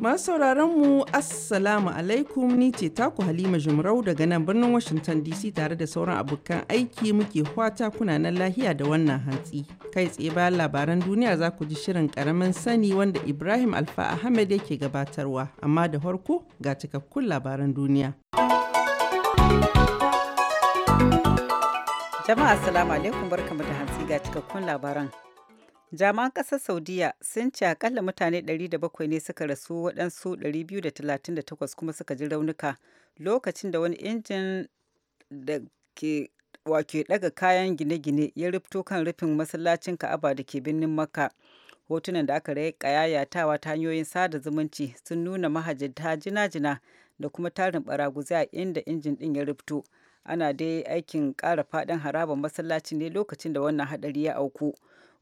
Masu sauraron mu Assalamu alaikum ni ce taku Halima Jumrau daga nan birnin Washington DC tare da sauran abokan aiki muke kwata kuna nan lahiya da wannan hantsi. Kai tsaye bayan labaran duniya za ku ji shirin karamin sani wanda Ibrahim Alfa Ahmed yake gabatarwa amma da farko ga cikakkun labaran duniya. Jama'a Assalamu alaikum barkamu da hantsi ga cikakkun labaran. Jami'an ƙasar Saudiya sun ce akalla mutane 700 ne suka rasu waɗansu 238 kuma suka ji raunuka lokacin da wani injin da ke wake daga kayan gine-gine ya rufto kan rufin masallacin Ka'aba da ke birnin Makka. Hotunan da aka rai ta hanyoyin sada zumunci sun nuna mahajjata jina-jina da kuma tarin baraguza a inda injin ɗin ya rufto. Ana dai aikin ƙara faɗin harabar masallaci ne lokacin da wannan haɗari ya auku.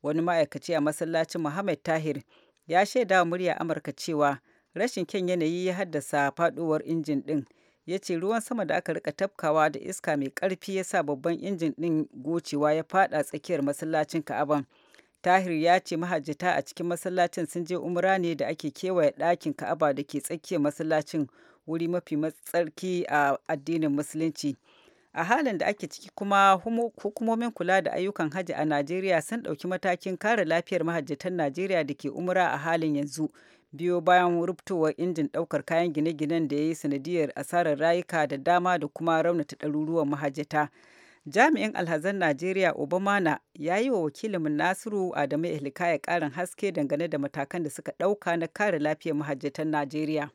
wani ma'aikaci a masallacin Muhammad Tahir ya shaida murya Amurka cewa rashin kyan yanayi ya haddasa faduwar injin din. Ya ce ruwan sama da aka rika tafkawa da iska mai karfi ya sa babban injin din gocewa ya fada tsakiyar masallacin Ka'aban. Tahir ya ce mahajjata a cikin masallacin sun je umra ne da ake kewaye ɗakin Ka'aba da ke tsakiyar masallacin wuri mafi matsarki a addinin Musulunci. a halin da ake ciki kuma hukumomin kula da ayyukan hajji a najeriya sun ɗauki matakin kare lafiyar mahajjatan najeriya da ke umra a halin yanzu biyo bayan rubtowar injin ɗaukar kayan gine-ginen da ya yi sanadiyar asarar rayuka da dama da kuma raunata ɗaruruwan mahajjata jami'in alhazan najeriya obamana ya yi wa wakilinmu nasiru adamu ya ƙarin haske dangane da matakan da suka ɗauka na kare lafiyar mahajjatan najeriya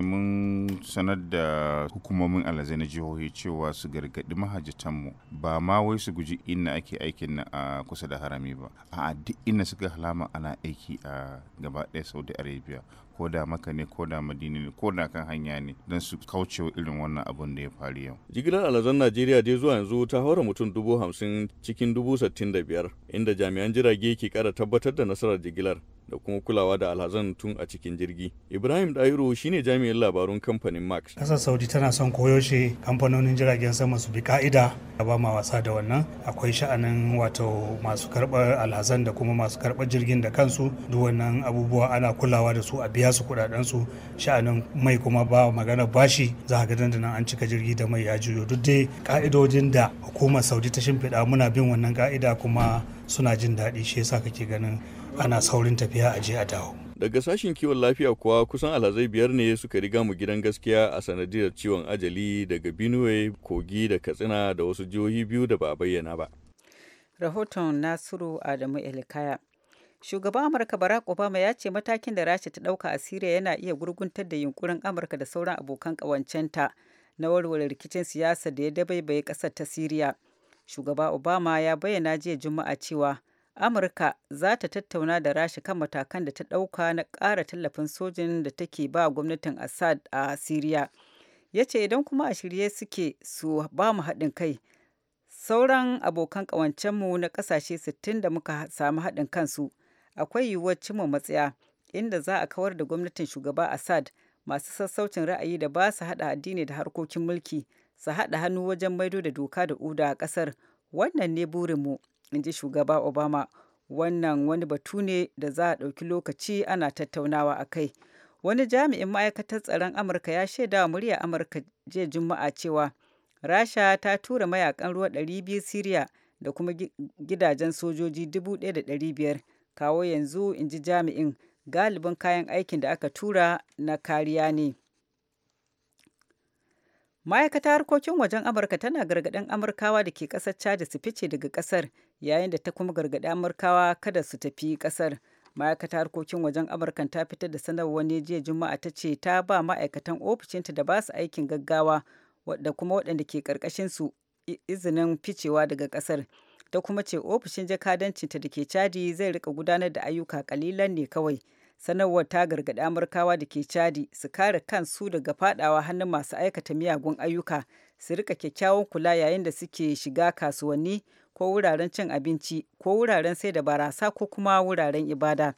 mun sanar da hukumomin alazai na jihohi cewa su gargaɗi mahajjatanmu ba ma wai su guji inna ake aikin na a kusa da harami ba a duk inda suka halama ana aiki a gaba ɗaya saudi arabia ko da maka ne ko da madina ne ko da kan hanya ne don su kauce irin wannan abun da ya faru yau. jigilar alazan najeriya dai zuwa yanzu ta haura mutum dubu hamsin cikin dubu sittin da biyar inda jami'an jirage ke kara tabbatar da nasarar jigilar da kuma kulawa da alhazan tun a cikin jirgi. Ibrahim Dairo shine jami'in labarun kamfanin Max. Kasar Saudi tana son koyo shi kamfanonin jiragen sama su bi ka'ida a ba ma wasa da wannan akwai sha'anin wato masu karɓar alhazan da kuma masu karɓar jirgin da kansu duk wannan abubuwa ana kulawa da su a biya su kuɗaɗen su sha'anin mai kuma ba magana bashi za ka ga nan an cika jirgi da mai ya juyo duk dai ka'idojin da hukumar Saudi ta shimfiɗa muna bin wannan ka'ida kuma suna jin daɗi shi yasa kake ganin ana saurin tafiya a je a dawo daga sashen kiwon lafiya kuwa kusan alhazai biyar ne suka riga mu gidan gaskiya a sanadiyar ciwon ajali daga benue kogi da katsina da wasu jihohi biyu da ba bayyana ba rahoton nasiru adamu elikaya shugaban amurka barack obama ya ce matakin da rasha ta dauka a siriya yana iya gurguntar da yunkurin amurka da sauran abokan kawancenta na warware rikicin siyasa da ya dabaibaye kasar ta siriya shugaba obama ya bayyana jiya juma'a cewa amurka za ta tattauna da rasha kan matakan da ta ɗauka na ƙara tallafin sojin da take ba gwamnatin assad a syria ya ce idan kuma a shirye suke su ba mu haɗin kai sauran abokan ƙawancenmu na ƙasashe sittin da muka samu haɗin kansu akwai yiwuwar cimma matsaya inda za a kawar da gwamnatin shugaba assad masu sassaucin ra'ayi da ba su haɗa addini da harkokin mulki su haɗa hannu wajen maido da doka da uda a ƙasar wannan ne burinmu in ji shugaba obama wannan wani batu ne da za a ɗauki lokaci ana tattaunawa a kai wani jami'in ma'aikatar tsaron amurka ya shaida wa murya amurka jiya juma'a cewa rasha ta tura mayakan ruwa 200 siriya da kuma gidajen sojoji 1,500 kawo yanzu in ji jami'in galibin kayan aikin da aka tura na kariya ne ma'aikata harkokin wajen amurka tana gargaɗin amurkawa da ke ƙasar chad su fice daga ƙasar yayin da ta kuma gargaɗi amurkawa kada su tafi ƙasar ma'aikata harkokin wajen amurka ta fitar da sanarwar wani jiya juma'a ta ce ta ba ma'aikatan ofishinta da ba su aikin gaggawa da kuma waɗanda ke ƙarƙashin su izinin ficewa daga ƙasar ta kuma ce ofishin jakadancinta da ke chadi zai rika gudanar da ayyuka kalilan ne kawai sanarwar ta gargaɗi amurkawa da ke cadi su kare kansu daga fadawa hannun masu aikata miyagun ayyuka su rika kyakkyawan kula yayin da suke shiga kasuwanni ko wuraren cin abinci ko wuraren sai da barasa ko kuma wuraren ibada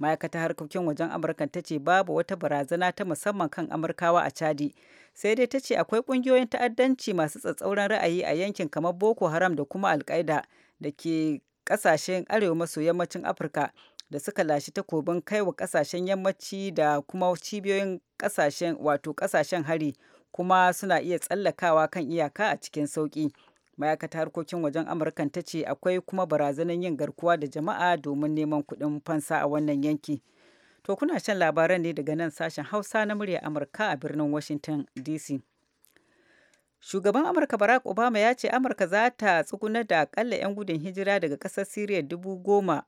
ma'aikatar harkokin wajen amurka ta ce babu wata barazana ta musamman kan amurkawa a cadi sai dai ta ce akwai ƙungiyoyin ta'addanci masu tsatsauran ra'ayi a yankin kamar boko haram da kuma alkaida da ke ƙasashen arewa maso yammacin afirka da suka lashe takobin kai wa kasashen yammaci da kuma cibiyoyin kasashen wato kasashen hari kuma suna iya tsallakawa kan iyaka a cikin sauki ma'aikatar harkokin wajen amurkan ta ce akwai kuma barazanar yin garkuwa da jama'a domin neman kuɗin fansa a wannan yanki to kuna shan labaran ne daga nan sashen hausa na murya amurka a birnin washington dc shugaban amurka barack obama ya ce amurka za ta tsugunar da akalla 'yan gudun hijira daga ƙasar syria dubu goma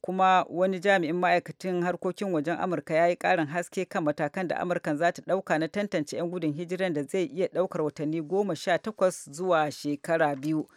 kuma wani jami'in ma'aikacin harkokin wajen amurka ya yi karin haske kan matakan da amurkan za ta ɗauka na tantance 'yan gudun hijiran da zai iya ɗaukar watanni goma sha takwas zuwa shekara biyu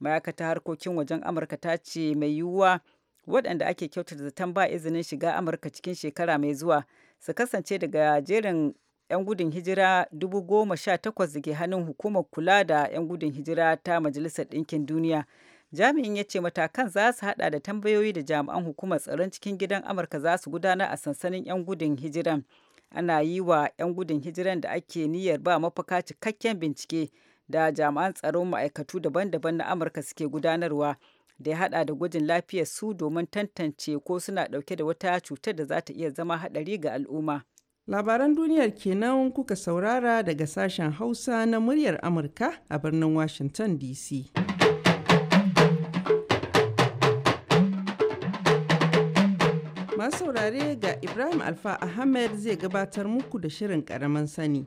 ma'aikatar harkokin wajen amurka ta ce mai yiwuwa waɗanda ake kyautata zaton ba izinin shiga amurka cikin shekara mai zuwa su kasance daga jerin 'yan gudun hijira dubu goma sha takwas da ke hannun hukumar kula da 'yan gudun hijira ta majalisar ɗinkin duniya Jami'in ya ce matakan za su hada da tambayoyi da jami'an hukumar tsaron cikin gidan Amurka za su gudanar a sansanin 'yan gudun hijiran. Ana yi wa 'yan gudun hijiran da ake niyyar ba mafaka cikakken bincike da jami'an tsaron ma'aikatu daban-daban na Amurka suke gudanarwa da ya hada da gwajin lafiyar su domin tantance ko suna dauke da wata cutar da za ta iya zama hadari ga al'umma. Labaran duniyar kenan kuka saurara daga sashen Hausa na muryar Amurka a birnin Washington DC. Masu saurare ga Ibrahim Alfa Ahmed zai gabatar muku da shirin karaman sani.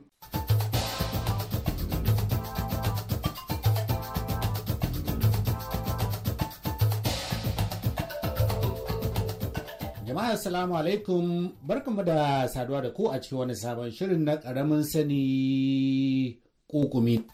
Jama'a Assalamu alaikum barkanmu da saduwa da ku a cikin wani sabon shirin na karamin sani kukumi.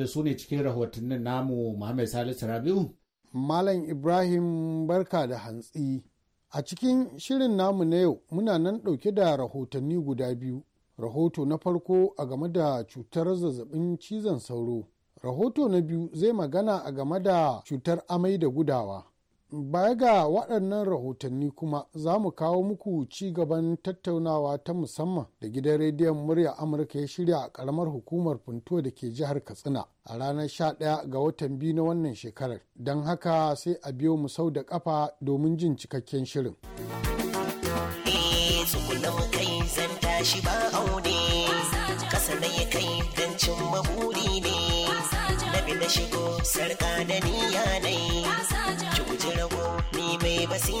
da su ne cikin rahotannin namu Muhammad Salisu Rabiu. Malam Ibrahim barka da hantsi. A cikin shirin namu na yau muna nan ɗauke da rahotanni guda biyu. Rahoto na farko a game da cutar zazzabin cizon sauro. Rahoto na biyu zai magana a game da cutar amai da gudawa. baya ga waɗannan rahotanni kuma za mu kawo muku ci gaban tattaunawa ta musamman da gidan rediyon murya amurka ya shirya a ƙaramar hukumar funto da ke jihar katsina a ranar 11 ga watan biyu na wannan shekarar don haka sai a biyo mu sau da ƙafa domin jin cikakken shirin eh, na shigo sarka da niyanai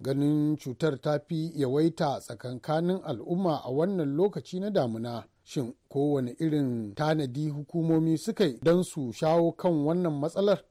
ganin cutar ta fi yawaita tsakankanin al'umma a wannan lokaci na damuna shin kowane irin tanadi hukumomi suka yi don su shawo kan wannan matsalar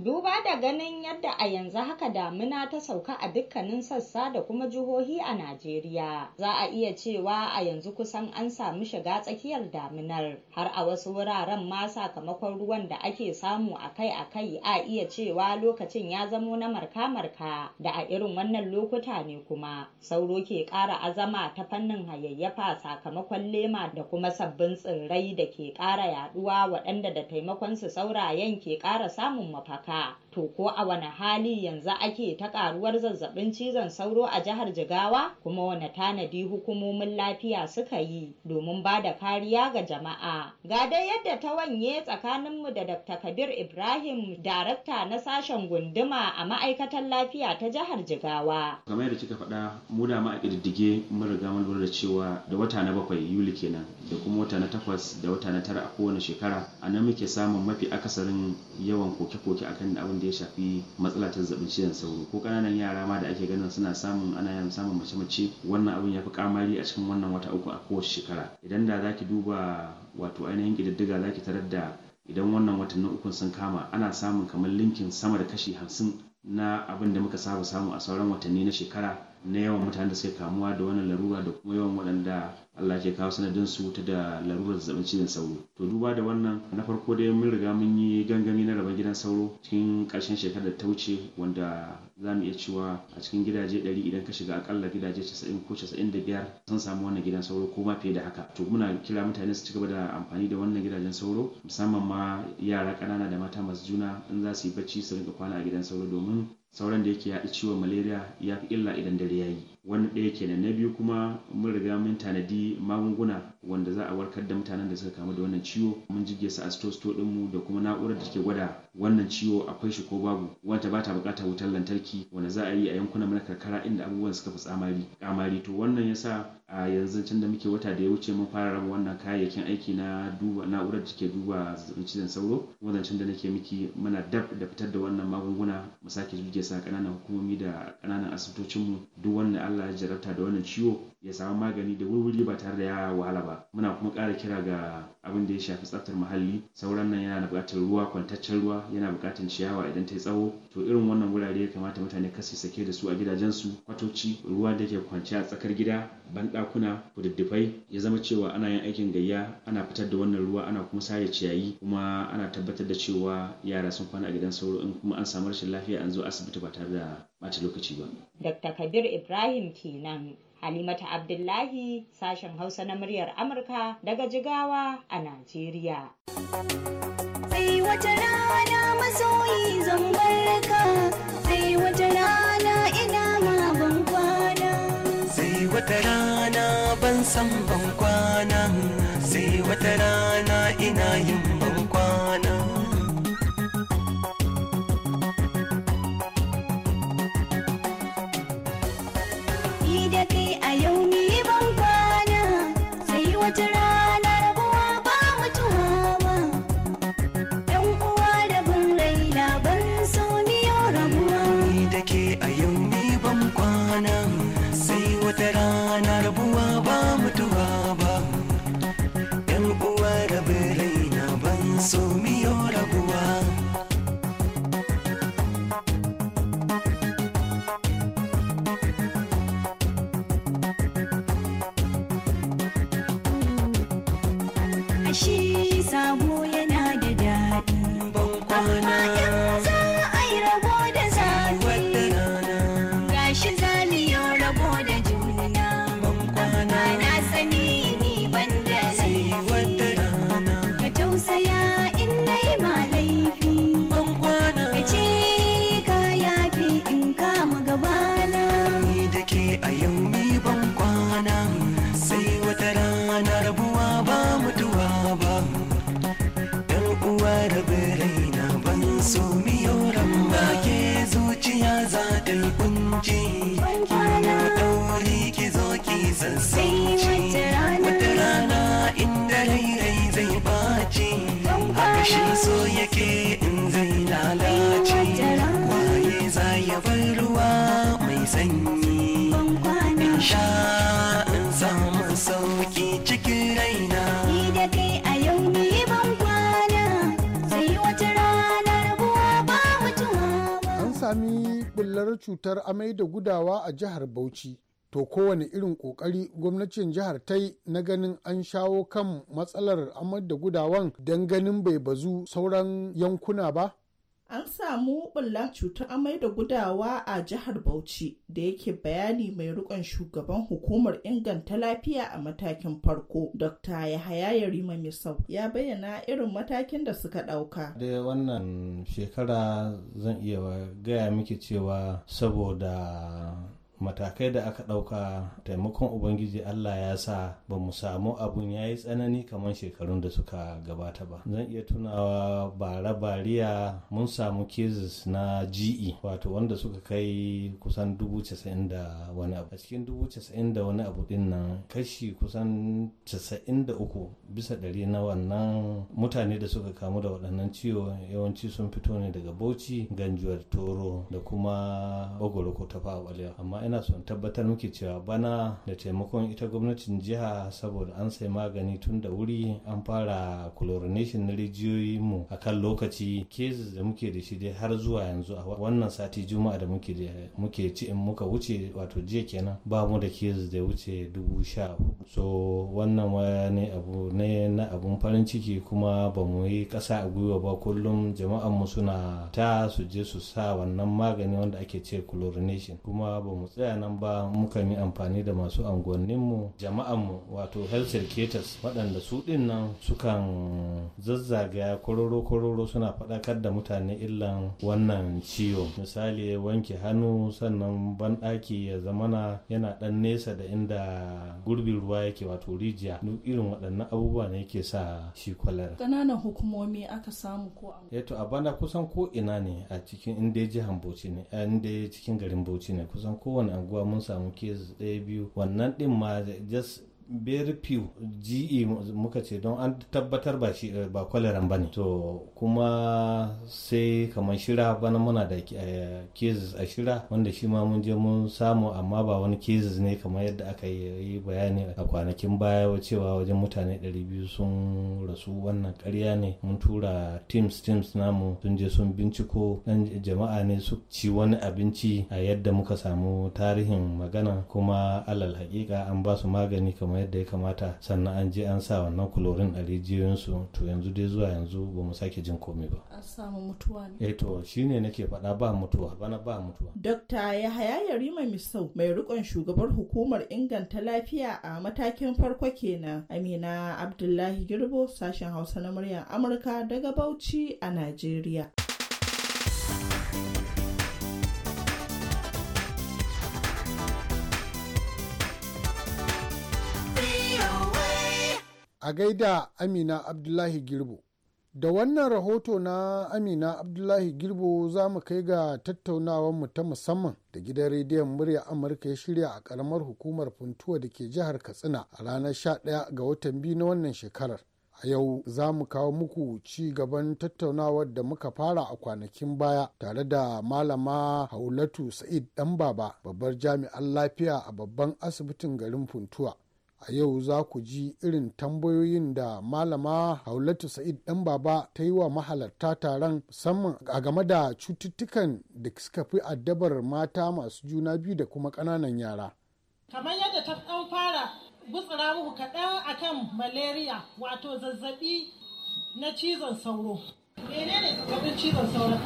Duba da ganin yadda a yanzu haka damuna ta sauka a dukkanin sassa da kuma jihohi a Najeriya, za a iya cewa a yanzu kusan an samu shiga tsakiyar daminar. har a wasu wuraren ma sakamakon ruwan da ake samu akai-akai a iya cewa lokacin ya zamo na marka-marka da a irin wannan lokuta ne kuma sauro ke ƙara azama ta fannin hayayyafa sakamakon lema da kuma sabbin tsirrai da ke ƙara yaɗuwa waɗanda da taimakonsu saurayen ke ƙara samun mafaka. path To ko a wane hali yanzu ake ta karuwar zazzabin cizon sauro a jihar Jigawa kuma wane tanadi hukumomin lafiya suka yi domin ba da kariya ga jama'a. Ga dai yadda ta wanye tsakaninmu da Dr. Kabir Ibrahim, darakta na sashen gunduma a ma'aikatan lafiya ta jihar Jigawa. Kamar yadda kika faɗa mu da ma a ƙididdige mun riga mun lura da cewa da wata na bakwai Yuli kenan da kuma wata na takwas da wata na tara a kowane shekara a nan muke samun mafi akasarin yawan koke-koke akan abin da ya shafi matsala ta zazzabin cizon sauro ko ƙananan yara ma da ake ganin suna samun ana yawan samun mace-mace wannan abin ya fi kamari a cikin wannan wata uku a kowace shekara idan da za ki duba wato ainihin ƙididdiga za ki tarar da idan wannan watannin ukun sun kama ana samun kamar linkin sama da kashi hamsin na abin da muka saba samu a sauran watanni na shekara na yawan mutane da suke kamuwa da wannan larura da kuma yawan waɗanda Allah ke kawo sanadin su ta da larurar zazzabin cizon sauro to duba da wannan na farko dai mun riga mun yi gangami na rabon gidan sauro cikin ƙarshen shekarar da ta wuce wanda za mu iya cewa a cikin gidaje 100 idan ka shiga akalla gidaje casa'in ko casa'in 95 sun samu wannan gidan sauro ko ma fiye da haka to muna kira mutane su ci gaba da amfani da wannan gidajen sauro musamman ma yara ƙanana da mata masu juna in za su yi bacci su rinka kwana a gidan sauro domin Sauran da yake yaɗa ciwon malaria ya fi illa idan dare ya yi wani ɗaya kenan na biyu kuma mun riga mun tanadi magunguna wanda za a warkar da mutanen da suka kamu da wannan ciwo mun jige su a sito ɗinmu da kuma na'urar da ke gwada wannan ciwo akwai shi ko babu wanda ba ta buƙatar wutar lantarki wanda za a yi a yankunan mana karkara inda abubuwan suka fi tsamari kamari to wannan yasa a yanzu can da muke wata da ya wuce mun fara raba wannan kayayyakin aiki na duba na'urar da ke duba zazzabin cizon sauro can da nake miki muna dab da fitar da wannan magunguna mu sake jige sa ƙananan hukumomi da ƙananan asibitocinmu duk wannan Allah ya jarabta da wannan ciwo ya samu magani da wurwuri ba tare da ya wahala ba muna kuma ƙara kira ga abin da ya shafi tsaftar muhalli sauran nan yana buƙatar ruwa kwantaccen ruwa yana buƙatar ciyawa idan ta yi tsawo to irin wannan wurare ya kamata mutane ka su sake da su a su, kwatoci ruwa da ke kwance a tsakar gida banɗakuna kududdufai ya zama cewa ana yin aikin gayya ana fitar da wannan ruwa ana kuma sare ciyayi kuma ana tabbatar da cewa yara sun kwana a gidan sauro in kuma an samu rashin lafiya an zo asibiti ba tare da ɓata lokaci ba. Dr. Kabir Ibrahim kenan Halimata Abdullahi sashen Hausa na muryar Amurka daga Jigawa a Najeriya. Sai wata rana masoyi zambarka, sai wata rana ina ma ban kwana. Sai wata rana ban san ban kwana, sai wata rana ina yin cutar amai da gudawa a jihar Bauchi. To kowane irin kokari gwamnatin jihar ta yi na ganin an shawo kan matsalar amai da gudawan don ganin bai bazu sauran yankuna ba? an samu bulla cutar amai da gudawa a jihar Bauchi da yake bayani mai rikon shugaban hukumar inganta lafiya a matakin farko. Dr. Yahaya Yarima Misau ya bayyana irin matakin da suka ɗauka. Da wannan shekara zan iya gaya miki cewa saboda matakai da aka ɗauka taimakon ubangiji allah ya sa ba mu samu abun ya yi tsanani kamar shekarun da suka gabata ba zan iya tunawa bara bariya mun samu cases na ge wato wanda suka kai kusan dubu casa'in da wani abu a cikin dubu casa'in da wani abu din nan kashi kusan casa'in da uku bisa ɗari na wannan mutane da suka kamu da waɗannan ciwo yawanci sun fito ne daga bauchi ganjuwar toro da kuma ogoroko ta fawa amma ina yana son tabbatar muke cewa bana da taimakon ita gwamnatin jiha saboda an sai magani tun da wuri an fara chlorination na rijiyoyinmu a kan lokaci cases da muke da shi dai har zuwa yanzu a wannan sati juma'a da muke muke ci in muka wuce wato jiya kenan ba mu da cases da wuce dubu sha so wannan ne abu ne na abun farin ciki kuma ba mu yi ƙasa a gwiwa ba kullum jama'an mu suna ta su je su sa wannan magani wanda ake ce chlorination kuma ba mu saya nan ba mukan yi amfani da masu anguwanninmu jama'anmu wato health circuitous waɗanda su ɗin nan sukan zazzagaya kororo-kororo suna faɗakar da mutane illan wannan ciwo misali wanke hannu sannan banɗaki ya zamana yana ɗan nesa da inda gurbin ruwa yake wato rijiya duk irin waɗannan abubuwa ne yake sa shi kwalara ƙananan hukumomi aka samu ko a eh to a bana kusan ko ina ne a cikin inda jihar bauchi ne inda cikin garin bauchi ne kusan kowane kowane anguwa mun samu kes ɗaya biyu wannan ɗin ma just berfew ge muka ce don an tabbatar ba shi ba kwaleran ba ne to kuma sai kamar shira bana muna da eh, cases a shira wanda shi ma mun je mun samu amma ba wani cases ne kamar yadda aka yi bayani a kwanakin baya cewa wajen mutane 200 sun rasu wannan karya ne mun tura teams teams namu sun je sun binciko dan jama'a ne su ci wani abinci a yadda muka samu tarihin magana kuma alal hakika an ba su magani kamar kamar yadda ya kamata sannan an je an sa wannan kulorin a rijiyoyinsu to yanzu dai zuwa yanzu ba mu sake jin komai ba an samu mutuwa ne eh to shine nake faɗa ba mutuwa bana ba mutuwa dokta yahaya yarima misau mai rikon shugabar hukumar inganta lafiya a matakin farko kenan amina abdullahi girbo sashen hausa na muryar amurka daga bauchi a najeriya a gaida amina abdullahi girbo da wannan rahoto na amina abdullahi girbo za mu kai ga mu ta musamman da gidan rediyon murya amurka ya shirya a karamar hukumar funtuwa da ke jihar katsina a ranar 11 ga watan biyu na wannan shekarar a yau za mu kawo muku ci gaban tattaunawar da muka fara a kwanakin baya tare da malama haulatu sa'id dan baba babbar jami'an lafiya a babban asibitin garin funtuwa a yau za ku ji irin tambayoyin da malama haulatu sa'id dan baba ta yi wa mahalarta taron musamman a game da cututtukan da suka fi addabar mata masu juna biyu da kuma ƙananan yara kamar yadda ta ɗan fara gutsura muku kaɗan akan malaria wato zazzabi na cizon sauro menene zazzabin cizon sauro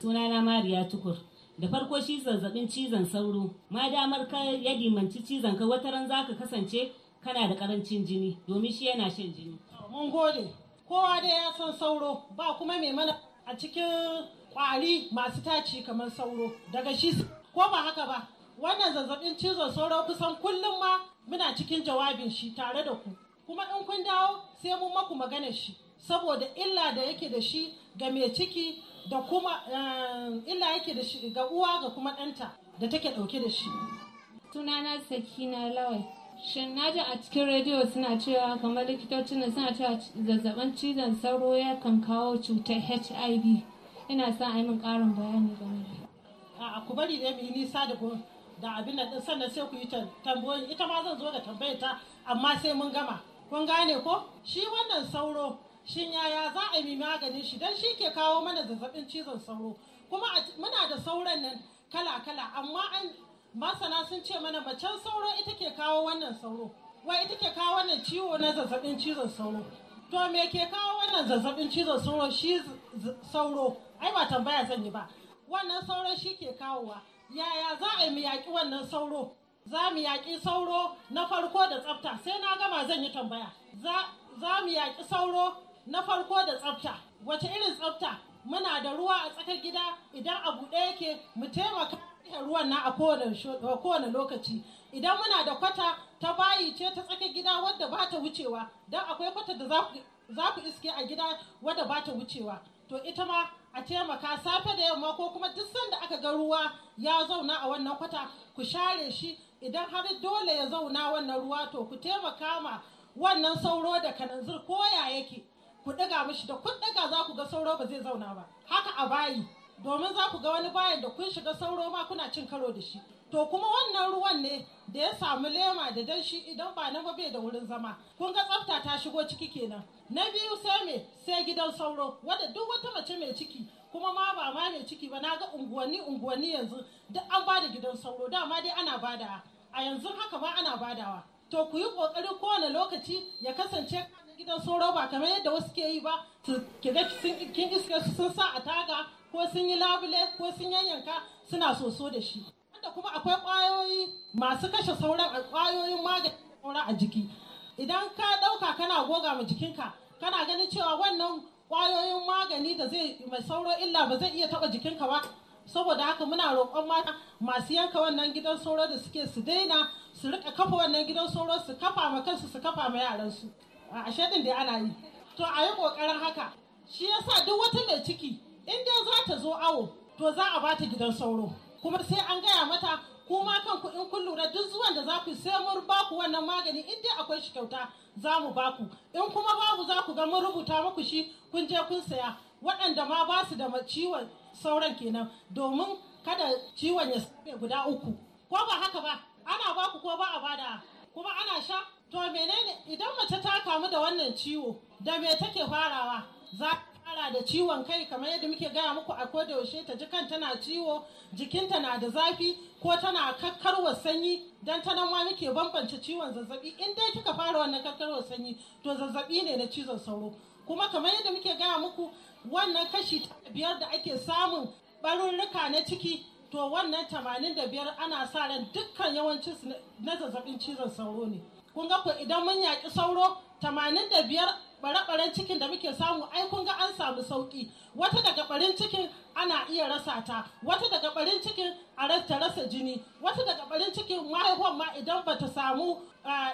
sunana mariya tukur da farko shi zazzabin cizon sauro ma damar ka ya dimanci cizon ka wataran ka kasance kana da karancin jini domin shi yana shan jini. Mun gode. Kowa dai ya san sauro ba kuma mai mana a cikin kwari masu taci kamar sauro daga shi ko ba haka ba. Wannan zazzabin cizon sauro kusan kullum ma muna cikin jawabin shi tare da ku. Kuma in kun dawo sai mun maku magana shi saboda illa da yake da shi ga mai ciki da kuma eh, illa yake da shi ga uwa ga kuma ɗanta da take ɗauke da shi. Sunana Sakina Lawai. shin na ji a cikin rediyo suna cewa kamar likitocin da suna cewa zazzabin cizon sauro ya kan kawo cutar hiv ina sa a yi min ƙarin bayani game da a ku bari ne mai nisa da da abin nan sannan sai ku yi tambayoyi ita ma zan zo da tambayar ta amma sai mun gama kun gane ko shi wannan sauro shin yaya za a yi maganin shi dan shi ke kawo mana zazzabin cizon sauro kuma muna da sauran nan kala kala amma an masana sun ce mana macen sauro ita ke kawo wannan sauro wai ita ke kawo wannan ciwo na zazzabin cizon sauro to me ke kawo wannan zazzabin cizon sauro shi sauro ai ba tambaya zan yi ba wannan sauro shi ke kawowa yaya za a yi mu yaƙi wannan sauro za mu yaƙi sauro na farko da tsafta sai na gama zan yi tambaya za mu yaƙi sauro na farko da tsafta wace irin tsafta muna da ruwa a tsakar gida idan a buɗe yake mu taimaka ruwan na a kowane lokaci idan muna da kwata ta bayi ce ta tsakar gida wadda ba ta wucewa don akwai kwata da za ku iske a gida wadda ba ta wucewa to ita ma a taimaka safe da yamma ko kuma duk sanda aka ga ruwa ya zauna a wannan kwata ku share shi idan har dole ya zauna wannan ruwa to ku taimaka ma wannan sauro da kananzir koya yake ku ɗiga mishi da kun ɗiga za ku ga sauro ba zai zauna ba haka a bayi domin za ku ga wani bayan da kun shiga sauro ma kuna cin karo da shi to kuma wannan ruwan ne da ya samu lema da danshi idan ba na bai da wurin zama kun ga tsafta ta shigo ciki kenan na biyu sai me sai gidan sauro wadda duk wata mace mai ciki kuma ma ba ma mai ciki ba na ga unguwanni unguwanni yanzu duk an bada gidan sauro dama dai ana bada a yanzu haka ba ana badawa to ku yi kokari kowane lokaci ya kasance gidan sauro ba kamar yadda wasu ke yi ba su kin iske su sun sa a taga ko sun yi labule ko sun yayyanka suna soso da shi wanda kuma akwai ƙwayoyi masu kashe sauran ƙwayoyin magani sauran a jiki idan ka ɗauka kana goga ma jikinka kana ganin cewa wannan ƙwayoyin magani da zai mai sauro illa ba zai iya taɓa jikinka ba saboda haka muna roƙon mata masu yanka wannan gidan sauro da suke su daina su rika kafa wannan gidan sauro su kafa ma kansu su kafa ma yaransu a shaɗin da ana yi to a yi ƙoƙarin haka shi yasa duk wata mai ciki in dai za ta zo awo to za a bata gidan sauro kuma sai an gaya mata kuma kanku in kun lura duk zuwan da za ku sai mun ba ku wannan magani in dai akwai shi kyauta za mu ba ku in kuma babu za ku ga mun rubuta muku shi kun je kun saya waɗanda ma ba su da ciwon sauran kenan domin kada ciwon ya guda uku ko ba haka ba ana ba ku ko ba a bada kuma ana sha to menene idan mace ta kamu da wannan ciwo da me take farawa za fara da ciwon kai kamar yadda muke gaya muku a koda yaushe ta ji kan tana ciwo jikinta na da zafi ko tana kakkarwa sanyi dan ta nan ma muke bambance ciwon zazzabi in dai kika fara wannan kakkarwa sanyi to zazzabi ne na cizon sauro kuma kamar yadda muke gaya muku wannan kashi biyar da ake samun barurruka na ciki to wannan tamanin da biyar ana sa ran dukkan yawancin na zazzabin cizon sauro ne kun ga ku idan mun yaki sauro tamanin da biyar bare-baren cikin da muke samu ai kun ga an samu sauki wata daga barin cikin ana iya rasa ta wata daga barin cikin a rasa rasa jini wata daga barin cikin mahaihuwan ma idan bata samu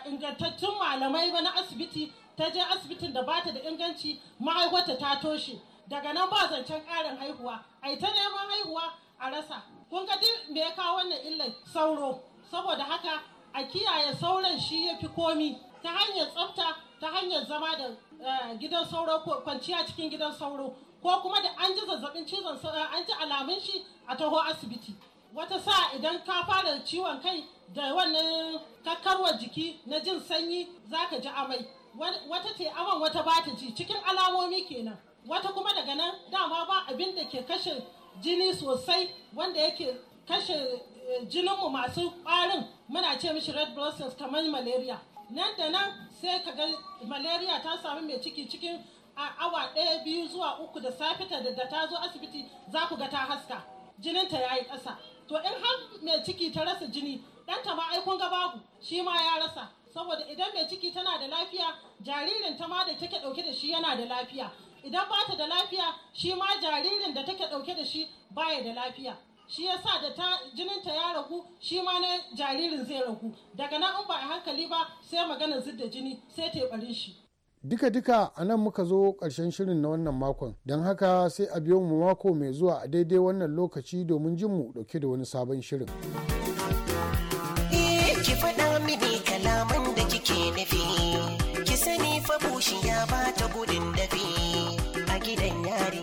ingantattun malamai ba na asibiti ta je asibitin da bata da inganci mahaifata ta toshe daga nan ba zancen karin haihuwa ai ta neman haihuwa a rasa kun ga duk me ya kawo wannan illar sauro saboda haka a kiyaye sauran shi ya fi komi ta hanyar tsafta ta hanyar zama da Eh, gidan sauro kwanciya cikin gidan sauro ko kuma da an ji zazzabin cizon sauro eh, an ji alamun shi a taho asibiti wata sa idan ka fara ciwon kai da wannan kakkarwar jiki na jin sanyi zaka ji amai wata ce aman wata ba ta ji cikin alamomi kenan wata kuma daga nan dama ba abin da ke kashe jini sosai wanda yake kashe eh, jininmu masu ƙwarin muna ce mishi red blood cells kamar malaria nan da nan sai ka ga malaria ta samu mai ciki cikin a awa ɗaya biyu zuwa uku da safe da ta zo asibiti za ku ga ta haska jininta ya yi ƙasa to in har mai ciki ta rasa jini ɗanta ma ai kun ga babu shi ma ya rasa saboda idan mai ciki tana da lafiya jaririn ta ma da take ɗauke da shi yana da lafiya idan ba ta da lafiya shi ma jaririn da take ɗauke da shi baya da lafiya shi yasa da ta jininta ya ragu shi ma na jaririn zai ragu daga nan in ba a hankali ba sai magana zidda jini sai ta teɓarin shi Duka-duka a nan muka zo ƙarshen shirin na wannan makon, don haka sai a biyo mu mako mai zuwa a daidai wannan lokaci domin jin mu dauke da wani sabon shirin. Eh, ki faɗa mini kalaman da kike nufi, ki sani gudun dafi gidan yari.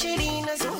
shiri na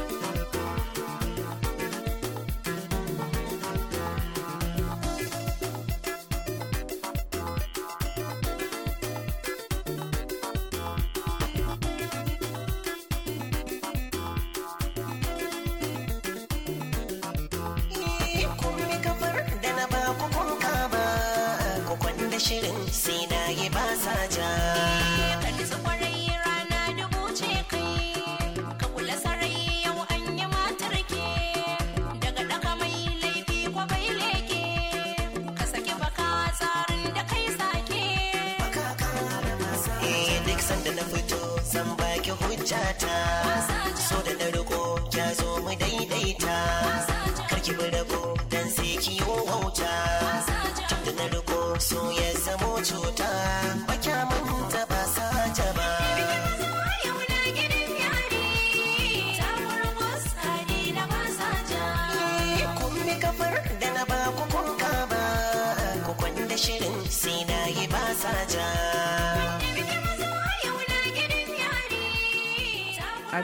baki bura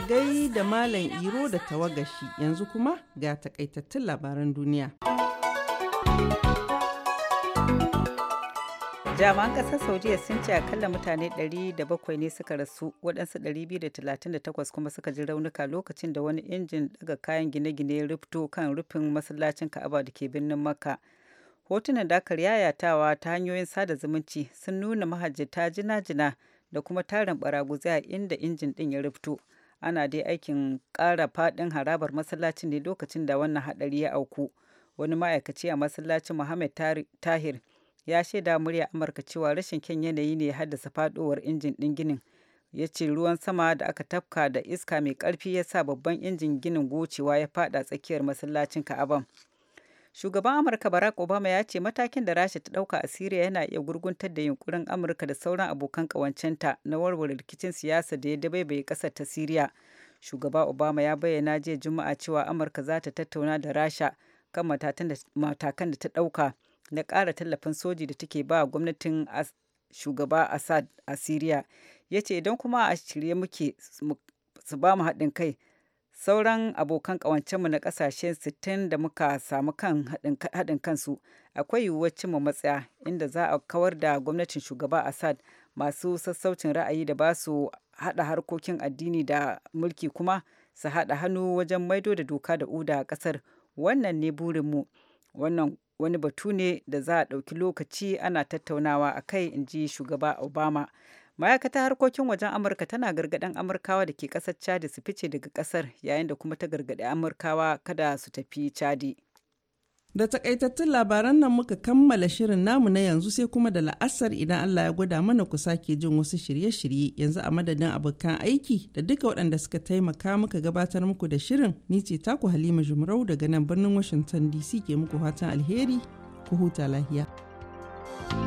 gai da Malam Iro da tawagashi yanzu kuma ga takaitattun labaran duniya. jami'an ƙasar saudiya sun ce akalla mutane 700 ne suka rasu waɗansu 238 kuma suka ji raunuka lokacin da wani injin daga kayan gine-gine ya rufto kan rufin masallacin ka'aba da ke birnin makka hotunan da aka yayatawa ta hanyoyin sada zumunci sun nuna mahajjata jina-jina da kuma tarin baraguzai a inda injin ɗin ya rufto ana dai aikin ƙara faɗin harabar masallacin ne lokacin da wannan haɗari ya auku wani ma'aikaci a masallacin muhammad tahir ya shaida murya amurka cewa rashin kyan yanayi ne ya haddasa faɗowar injin din ginin ya ce ruwan sama da aka tafka da iska mai ƙarfi ya sa babban injin ginin gocewa ya faɗa tsakiyar masallacin ka'aban Shugaban Amurka Barack Obama ya ce matakin da Rasha ta ɗauka a Siriya yana iya gurguntar da yunkurin Amurka da sauran abokan ƙawancenta na warware rikicin siyasa da ya dabaibaye ƙasar ta Siriya. Shugaba Obama ya bayyana jiya Juma'a cewa Amurka za ta tattauna da Rasha kan matakan da ta ɗauka na ƙara tallafin soji da take ba gwamnatin shugaba Assad a Siriya. Ya ce idan kuma a shirye muke su ba mu haɗin kai sauran abokan ƙawancenmu na ƙasashen sittin da muka samu kan haɗin kansu akwai yiwuwar cimma matsaya inda za a kawar da gwamnatin shugaba assad masu sassaucin ra'ayi da ba su haɗa harkokin addini da mulki kuma su haɗa hannu wajen maido da doka da uda a ƙasar wannan ne burinmu wannan wani batu ne da za a ɗauki lokaci ana tattaunawa a kai in ji shugaba obama ma'aikatar harkokin wajen amurka tana gargaɗin amurkawa da ke ƙasar chadi su fice daga ƙasar yayin da kuma ta gargaɗi amurkawa kada su tafi chadi da takaitattun labaran nan muka kammala shirin namu na yanzu sai kuma da la'asar idan allah ya gwada mana ku sake jin wasu shirye-shirye yanzu a madadin abokan aiki da duka waɗanda suka taimaka muka gabatar muku da shirin ni ce taku halima jumrau daga nan birnin washington dc ke muku fatan alheri ku huta lahiya. thank you